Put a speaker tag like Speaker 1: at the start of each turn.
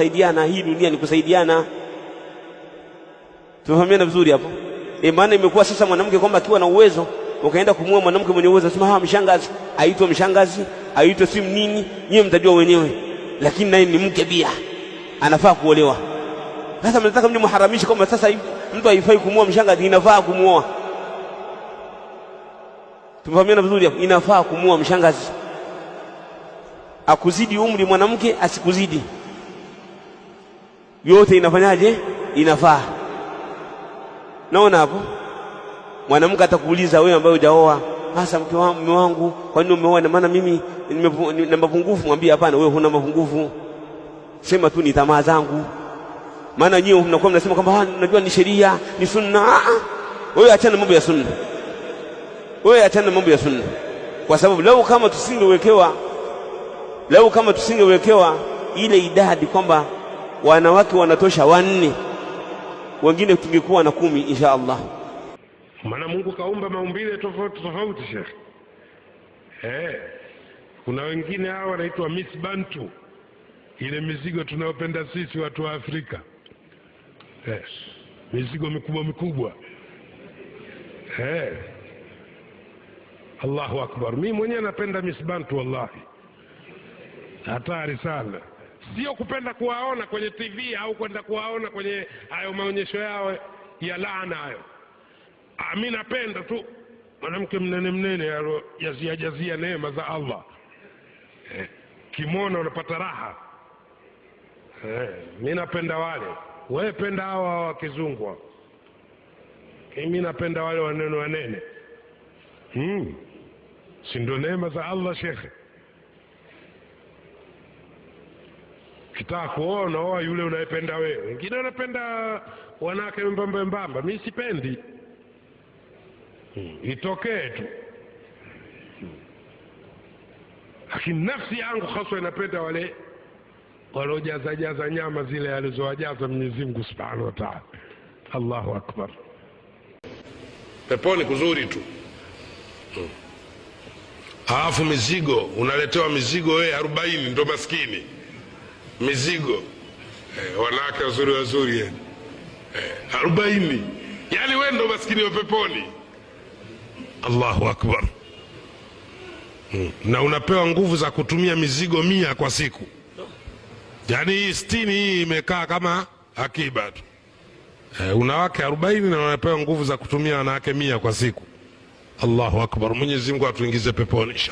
Speaker 1: kusaidiana. hii dunia ni kusaidiana. Tumefahamiana vizuri hapo e? Maana imekuwa sasa mwanamke kwamba akiwa na uwezo ukaenda kumua mwanamke mwenye uwezo, sema ah, mshangazi, aitwa mshangazi, aitwa si nini, nyewe mtajua wenyewe, lakini naye ni mke pia, anafaa kuolewa. Sasa mnataka mje muharamishe kwamba sasa mtu haifai kumua mshangazi, inafaa kumuoa. Tumefahamiana vizuri hapo? Inafaa kumuoa mshangazi, akuzidi umri mwanamke, asikuzidi yote inafanyaje? Inafaa. Naona hapo mwanamke atakuuliza wewe, ambaye hujaoa, hasa mke wangu, mume wangu, kwa nini umeoa? Na maana mimi nina mapungufu. Mwambie hapana, wewe huna mapungufu, sema tu ni tamaa zangu. Maana nyinyi mnakuwa mnasema kwamba ah, najua ni sheria, ni sunna. Ah, ah. Wewe achana mambo ya sunna, wewe achana mambo ya sunna, kwa sababu lau kama tusingewekewa lau kama tusingewekewa ile idadi kwamba wanawake wanatosha wanne, wengine tungekuwa na kumi insha Allah.
Speaker 2: Maana Mungu kaumba maumbile tofauti tofauti, Sheikh. Eh, kuna wengine hawa wanaitwa Miss Bantu, ile mizigo tunayopenda sisi watu wa Afrika eh, mizigo mikubwa mikubwa eh. Allahu akbar! Mimi mwenyewe napenda Miss Bantu, wallahi hatari sana sio kupenda kuwaona kwenye tv au kwenda kuwaona kwenye hayo maonyesho yao ya laana hayo ah, mi napenda tu mwanamke mnene mnene alojazia jazia neema za allah eh, kimwona unapata raha eh, mi napenda wale wewe penda hawa wakizungwa mi napenda wale wanene wanene hmm. si ndo neema za allah shekhe zako wewe unaoa yule unayependa wewe. Wengine wanapenda wanawake mbamba mbamba, mimi sipendi. Hmm. Itokee tu lakini nafsi yangu haswa inapenda wale waliojazajaza nyama zile alizowajaza Mwenyezi Mungu Subhanahu wa Ta'ala. Allahu Akbar.
Speaker 3: Peponi kuzuri tu hmm. Alafu mizigo unaletewa mizigo wewe arobaini, ndo maskini mizigo eh, wanawake wazuri wazuri eh, arobaini yani we ndo maskini wa peponi allahu akbar hmm. na unapewa nguvu za kutumia mizigo mia kwa siku yani hii stini hii imekaa kama akiba tu eh, unawake arobaini na unapewa nguvu za kutumia wanawake mia kwa siku allahu akbar mwenyezi mungu atuingize peponi